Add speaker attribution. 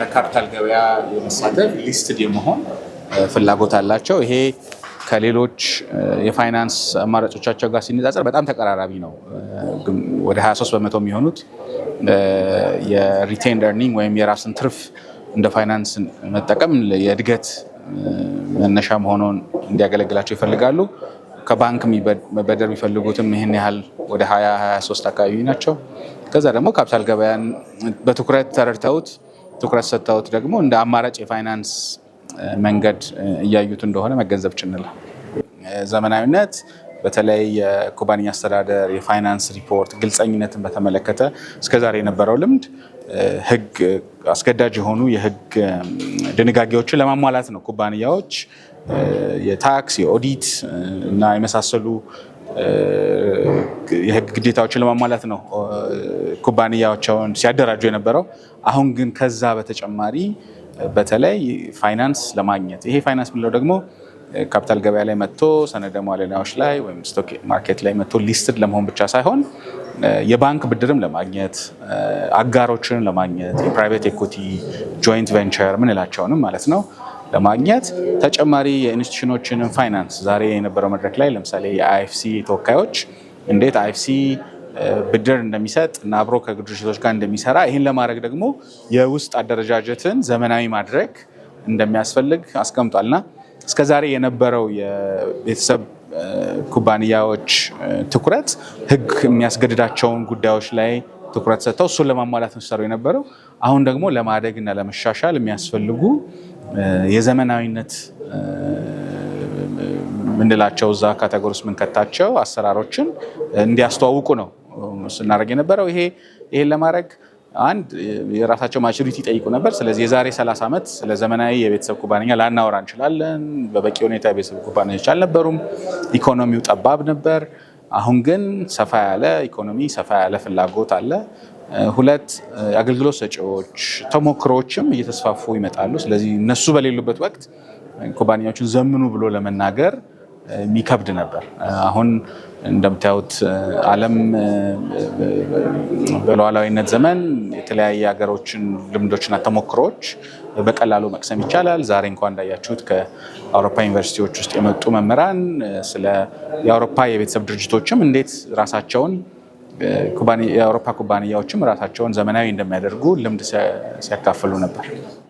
Speaker 1: በካፒታል ገበያ የመሳተፍ ሊስትድ የመሆን
Speaker 2: ፍላጎት አላቸው። ይሄ ከሌሎች የፋይናንስ አማራጮቻቸው ጋር ሲነጻጸር በጣም ተቀራራቢ ነው። ወደ 23 በመቶ የሚሆኑት የሪቴን ርኒንግ ወይም የራስን ትርፍ እንደ ፋይናንስ መጠቀም የእድገት መነሻ መሆኑን እንዲያገለግላቸው ይፈልጋሉ። ከባንክ መበደር የሚፈልጉትም ይህን ያህል ወደ 223 አካባቢ ናቸው። ከዛ ደግሞ ካፒታል ገበያን በትኩረት ተረድተውት ትኩረት ሰጥተውት ደግሞ እንደ አማራጭ የፋይናንስ መንገድ እያዩት እንደሆነ መገንዘብ ችንል ዘመናዊነት በተለይ የኩባንያ አስተዳደር የፋይናንስ ሪፖርት ግልጸኝነትን በተመለከተ እስከዛሬ የነበረው ልምድ ህግ አስገዳጅ የሆኑ የህግ ድንጋጌዎችን ለማሟላት ነው። ኩባንያዎች የታክስ የኦዲት እና የመሳሰሉ የህግ ግዴታዎችን ለማሟላት ነው ኩባንያዎቻቸውን ሲያደራጁ የነበረው። አሁን ግን ከዛ በተጨማሪ በተለይ ፋይናንስ ለማግኘት ይሄ ፋይናንስ የምንለው ደግሞ ካፒታል ገበያ ላይ መጥቶ ሰነደ መዋዕለንዋዮች ላይ ወይም ስቶክ ማርኬት ላይ መጥቶ ሊስትድ ለመሆን ብቻ ሳይሆን የባንክ ብድርም ለማግኘት አጋሮችን ለማግኘት የፕራይቬት ኤኩቲ ጆይንት ቬንቸር ምንላቸውንም ማለት ነው ለማግኘት ተጨማሪ የኢንስቲቱሽኖችንም ፋይናንስ ዛሬ የነበረው መድረክ ላይ ለምሳሌ የአይኤፍሲ ተወካዮች እንዴት አይኤፍሲ ብድር እንደሚሰጥ እና አብሮ ከግል ጋር እንደሚሰራ ይህን ለማድረግ ደግሞ የውስጥ አደረጃጀትን ዘመናዊ ማድረግ እንደሚያስፈልግ አስቀምጧልና እስከዛሬ የነበረው የቤተሰብ ኩባንያዎች ትኩረት ህግ የሚያስገድዳቸውን ጉዳዮች ላይ ትኩረት ሰጥተው እሱን ለማሟላት ሰሩ የነበረው። አሁን ደግሞ ለማደግ እና ለመሻሻል የሚያስፈልጉ የዘመናዊነት ምንላቸው እዛ ካቴጎሪ ውስጥ ምንከታቸው አሰራሮችን እንዲያስተዋውቁ ነው። ስናደርግ የነበረው። ይሄ ይሄን ለማድረግ አንድ የራሳቸው ማቹሪቲ ይጠይቁ ነበር። ስለዚህ የዛሬ 30 ዓመት ስለ ዘመናዊ የቤተሰብ ኩባንያ ላናወራ እንችላለን። በበቂ ሁኔታ የቤተሰብ ኩባንያዎች አልነበሩም። ኢኮኖሚው ጠባብ ነበር። አሁን ግን ሰፋ ያለ ኢኮኖሚ፣ ሰፋ ያለ ፍላጎት አለ። ሁለት አገልግሎት ሰጪዎች ተሞክሮዎችም እየተስፋፉ ይመጣሉ። ስለዚህ እነሱ በሌሉበት ወቅት ኩባንያዎችን ዘምኑ ብሎ ለመናገር የሚከብድ ነበር። አሁን እንደምታዩት ዓለም በሉዓላዊነት ዘመን የተለያየ ሀገሮችን ልምዶችና ተሞክሮዎች በቀላሉ መቅሰም ይቻላል። ዛሬ እንኳ እንዳያችሁት ከአውሮፓ ዩኒቨርሲቲዎች ውስጥ የመጡ መምህራን ስለ የአውሮፓ የቤተሰብ ድርጅቶችም እንዴት ራሳቸውን የአውሮፓ ኩባንያዎችም ራሳቸውን ዘመናዊ እንደሚያደርጉ ልምድ ሲያካፍሉ ነበር።